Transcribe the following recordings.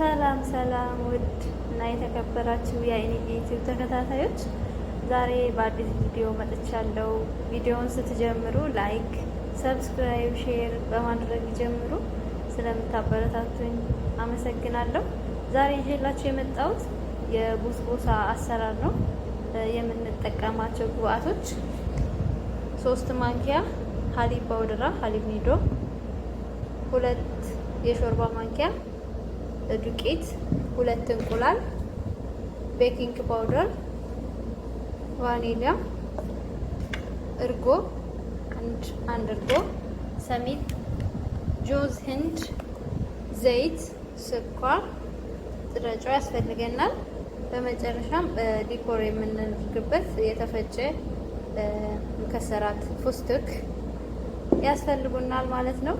ሰላም ሰላም ውድ እና የተከበራችሁ የአይኔ ዩቲዩብ ተከታታዮች ዛሬ በአዲስ ቪዲዮ መጥቻለሁ። ቪዲዮውን ስትጀምሩ ላይክ፣ ሰብስክራይብ፣ ሼር በማድረግ ጀምሩ። ስለምታበረታቱኝ አመሰግናለሁ። ዛሬ ይዤላችሁ የመጣሁት የቡስቡሳ አሰራር ነው። የምንጠቀማቸው ግብአቶች ሶስት ማንኪያ ሀሊብ ፓውደራ ሀሊብ ኒዶ፣ ሁለት የሾርባ ማንኪያ ዱቄት፣ ሁለት እንቁላል፣ ቤኪንግ ፓውደር፣ ቫኒሊያ፣ እርጎ አንድ አንድ እርጎ፣ ሰሚጥ፣ ጆዝ ህንድ፣ ዘይት፣ ስኳር ጥረጫ ያስፈልገናል። በመጨረሻም ዲኮር የምናደርግበት የተፈጨ ከሰራት ፉስትክ ያስፈልጉናል ማለት ነው።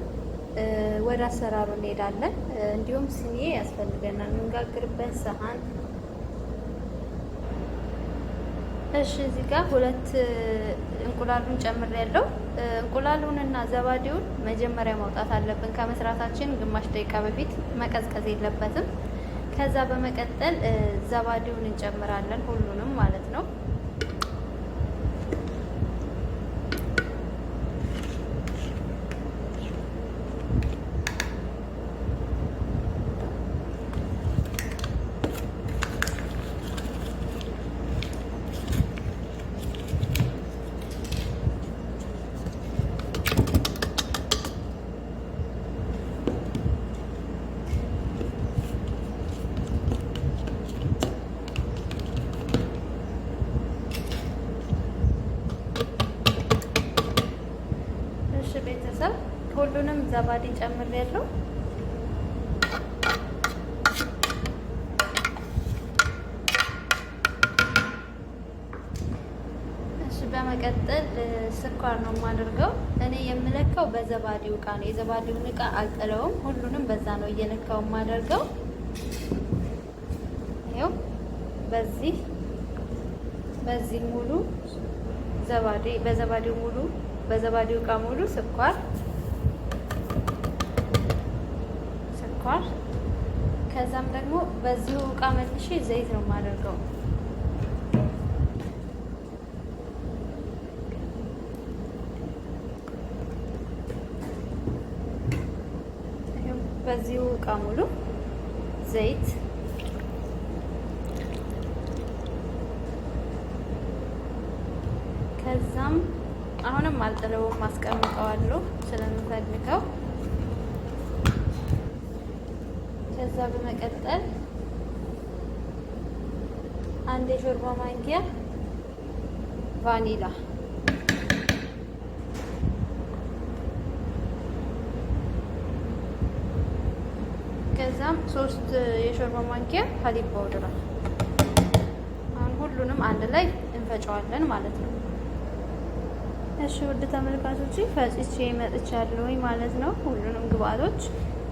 ወደ አሰራሩ እንሄዳለን። እንዲሁም ስኒ ያስፈልገናል የምንጋግርበት ሰሃን። እሺ እዚህ ጋር ሁለት እንቁላሉን ጨምር ያለው እንቁላሉንና ዘባዴውን መጀመሪያ ማውጣት አለብን። ከመስራታችን ግማሽ ደቂቃ በፊት መቀዝቀዝ የለበትም። ከዛ በመቀጠል ዘባዴውን እንጨምራለን፣ ሁሉንም ማለት ነው። ዘባዴ ጨምር ያለው በመቀጠል ስኳር ነው የማደርገው። እኔ የምለካው በዘባዴው እቃ ነው። የዘባዴውን እቃ አልጥለውም፣ ሁሉንም በዛ ነው እየለካው የማደርገው። ይኸው በዚህ በዚህ ሙሉ ዘባዴ በዘባዴው ሙሉ በዘባዴው እቃ ሙሉ ስኳር ከዛም ደግሞ በዚሁ እቃ መልሼ ዘይት ነው የማደርገው። በዚሁ እቃ ሙሉ ዘይት ከዛም አሁንም አልጥለውም፣ አስቀምጠዋለሁ ስለምፈልገው ከዛ በመቀጠል አንድ የሾርባ ማንኪያ ቫኒላ ከዛም ሶስት የሾርባ ማንኪያ ሀሊብ ፓውደር። አሁን ሁሉንም አንድ ላይ እንፈጨዋለን ማለት ነው። እሺ ውድ ተመልካቾች ፈጭቼ መጥቻለሁኝ ማለት ነው። ሁሉንም ግብአቶች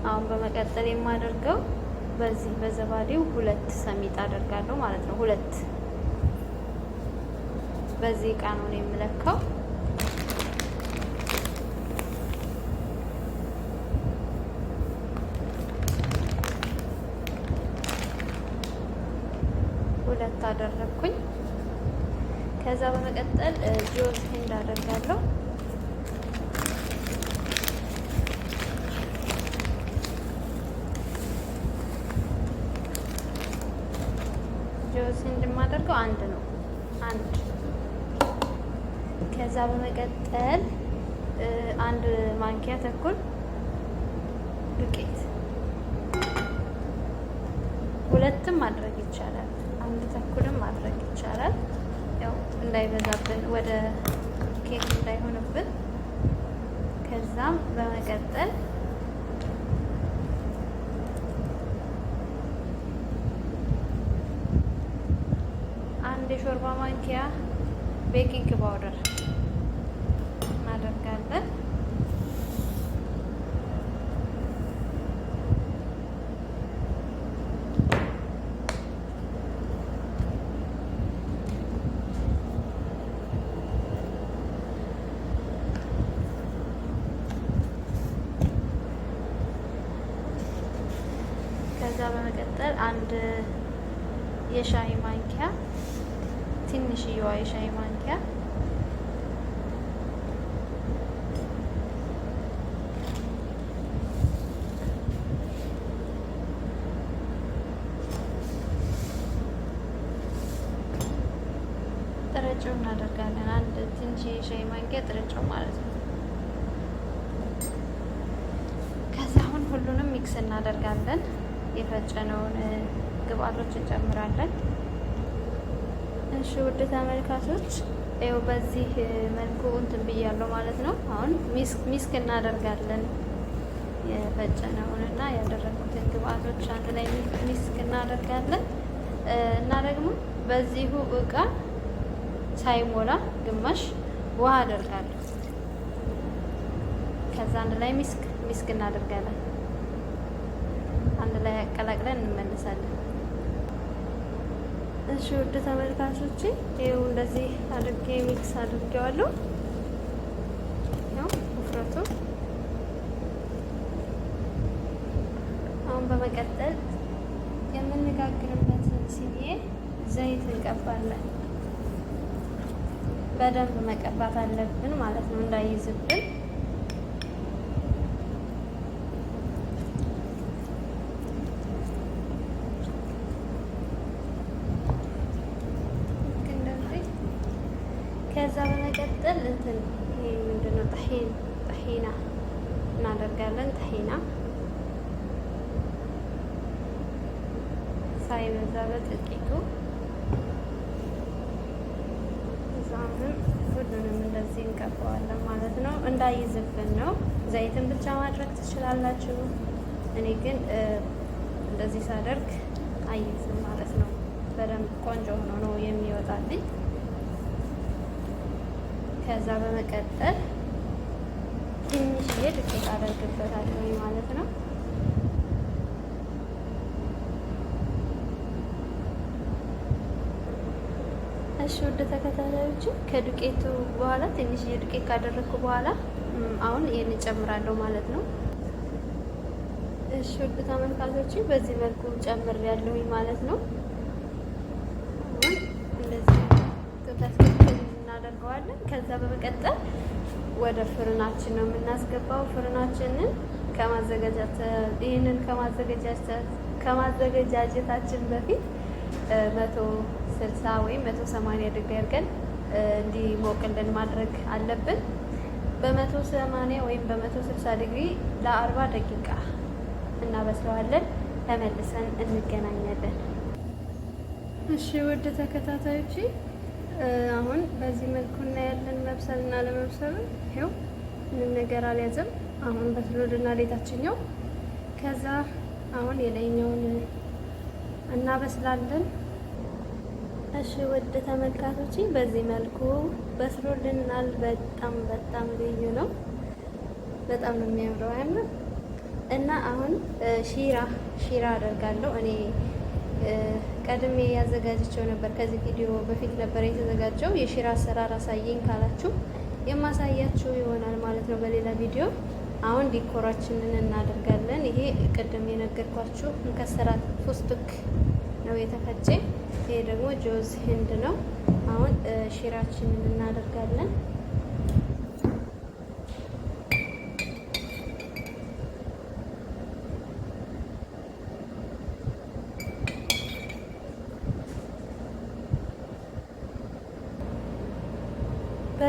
አሁን በመቀጠል የማደርገው በዚህ በዘባዴው ሁለት ሰሚጥ አደርጋለሁ ማለት ነው። ሁለት በዚህ እቃ ነው የምለካው። ሁለት አደረግኩኝ። ከዛ በመቀጠል ጆዝ ሂንድ አደርጋለሁ። ሴንድ የማደርገው አንድ ነው አንድ። ከዛ በመቀጠል አንድ ማንኪያ ተኩል ዱቄት ሁለትም ማድረግ ይቻላል፣ አንድ ተኩልም ማድረግ ይቻላል። ያው እንዳይበዛብን ወደ ኬክ እንዳይሆንብን። ከዛም በመቀጠል አንድ የሾርባ ማንኪያ ቤኪንግ ፓውደር እናደርጋለን። ከዛ በመቀጠል አንድ የሻይ ማንኪያ ትንሽዬዋ የሻይ ማንኪያ ጥረጭው እናደርጋለን። አንድ ትንሽ የሻይ ማንኪያ ጥረጭው ማለት ነው። ከዛ አሁን ሁሉንም ሚክስ እናደርጋለን። የፈጨነውን ግብአቶች እንጨምራለን። እሺ ውድ ተመልካቾች ይኸው በዚህ መልኩ እንትን ብያለሁ ማለት ነው። አሁን ሚስክ እናደርጋለን የፈጨነውንና ያደረጉትን ግብአቶች አንድ ላይ ሚስክ እናደርጋለን እና ደግሞ በዚሁ እቃ ሳይሞላ ግማሽ ውሃ አደርጋለሁ። ከዛ አንድ ላይ ሚስክ ሚስክ እናደርጋለን። አንድ ላይ አቀላቅለን እንመልሳለን። እሺ ውድ ተመልካቾቼ ይኸው እንደዚህ አድርጌ ሚክስ አድርጌዋለሁ። ያው ውፍረቱ አሁን በመቀጠል የምንጋግርበትን ሲኒ ዘይት እንቀባለን። በደንብ መቀባት አለብን ማለት ነው እንዳይዝብን ከዛ በመቀጠል እንትን ምንድነው ጠሂን ጠሂና እናደርጋለን። ጠሂና ሳይበዛ በጥቂቱ እዛምን ሁሉንም እንደዚህ እንቀባዋለን ማለት ነው። እንዳይዝብን ነው። ዘይትን ብቻ ማድረግ ትችላላችሁ። እኔ ግን እንደዚህ ሳደርግ አይዝም ማለት ነው። በደንብ ቆንጆ ሆኖ ነው የሚወጣልኝ። ከዛ በመቀጠል ትንሽዬ ዱቄት አደርግበታለሁ ማለት ነው። እሺ ውድ ተከታታዮች ከዱቄቱ በኋላ ትንሽዬ ዱቄት ካደረግኩ በኋላ አሁን ይህን ጨምራለሁ ማለት ነው። እሺ ውድ ተመልካቾች በዚህ መልኩ ጨምር ያለሁኝ ማለት ነው። እናደርገዋለን። ከዛ በመቀጠል ወደ ፍርናችን ነው የምናስገባው። ፍርናችንን ይህንን ከማዘገጃጀታችን በፊት መቶ ስልሳ ወይም መቶ ሰማንያ ድግሪ አድርገን እንዲሞቅልን ማድረግ አለብን። በመቶ ሰማንያ ወይም በመቶ ስልሳ ዲግሪ ለአርባ ደቂቃ እናበስለዋለን። ተመልሰን እንገናኛለን። እሺ ውድ ተከታታዮች አሁን በዚህ መልኩ እናያለን። መብሰል እና ለመብሰሉ ይኸው ምንም ነገር አልያዘም። አሁን በስሎድና ሌታችኛው ከዛ አሁን የላይኛውን እናበስላለን። እሺ ውድ ተመልካቶች በዚህ መልኩ በስሎልናል። በጣም በጣም ልዩ ነው። በጣም ነው የሚያምረው አያምር እና አሁን ሺራ ሺራ አደርጋለሁ እኔ ቀድሜ ያዘጋጀቸው ነበር። ከዚህ ቪዲዮ በፊት ነበር የተዘጋጀው። የሽራ አሰራር አሳየኝ ካላችሁ የማሳያችሁ ይሆናል ማለት ነው በሌላ ቪዲዮ። አሁን ዲኮራችንን እናደርጋለን። ይሄ ቅድም የነገርኳችሁ እንከሰራ ፉስቱክ ነው የተፈጨ። ይሄ ደግሞ ጆዝ ህንድ ነው። አሁን ሽራችንን እናደርጋለን።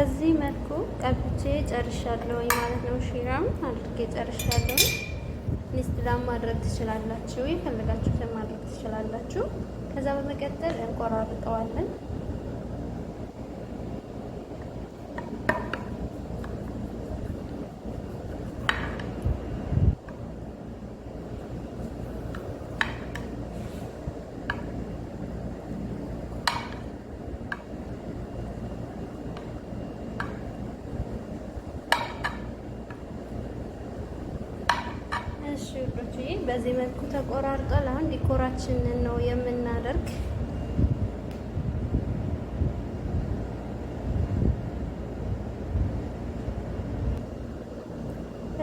በዚህ መልኩ ቀብቼ ጨርሻለሁ ማለት ነው። ሽራም አድርጌ ጨርሻለሁ። ሊስትዳም ማድረግ ትችላላችሁ፣ የፈለጋችሁትን ማድረግ ትችላላችሁ። ከዛ በመቀጠል እንቆራርጠዋለን። በዚህ መልኩ ተቆራርጧል። አሁን ዲኮራችንን ነው የምናደርግ።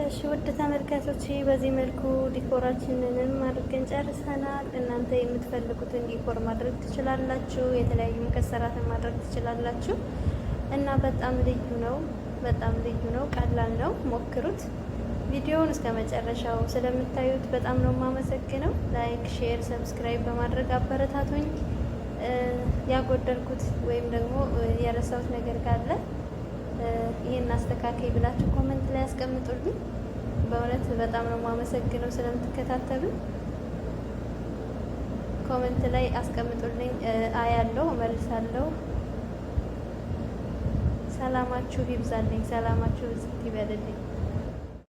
እሺ ውድ ተመልካቾች በዚህ መልኩ ዲኮራችንንም አድርገን ጨርሰናል። እናንተ የምትፈልጉትን ዲኮር ማድረግ ትችላላችሁ። የተለያዩ መከሰራትን ማድረግ ትችላላችሁ እና በጣም ልዩ ነው፣ በጣም ልዩ ነው። ቀላል ነው፣ ሞክሩት። ቪዲዮውን እስከ መጨረሻው ስለምታዩት በጣም ነው የማመሰግነው። ላይክ፣ ሼር፣ ሰብስክራይብ በማድረግ አበረታቶኝ ያጎደልኩት ወይም ደግሞ የረሳሁት ነገር ካለ ይህን አስተካከይ ብላችሁ ኮመንት ላይ ያስቀምጡልኝ። በእውነት በጣም ነው የማመሰግነው ስለምትከታተሉ። ኮመንት ላይ አስቀምጡልኝ፣ አያለሁ፣ እመልሳለሁ። ሰላማችሁ ይብዛልኝ፣ ሰላማችሁ ይበልልኝ።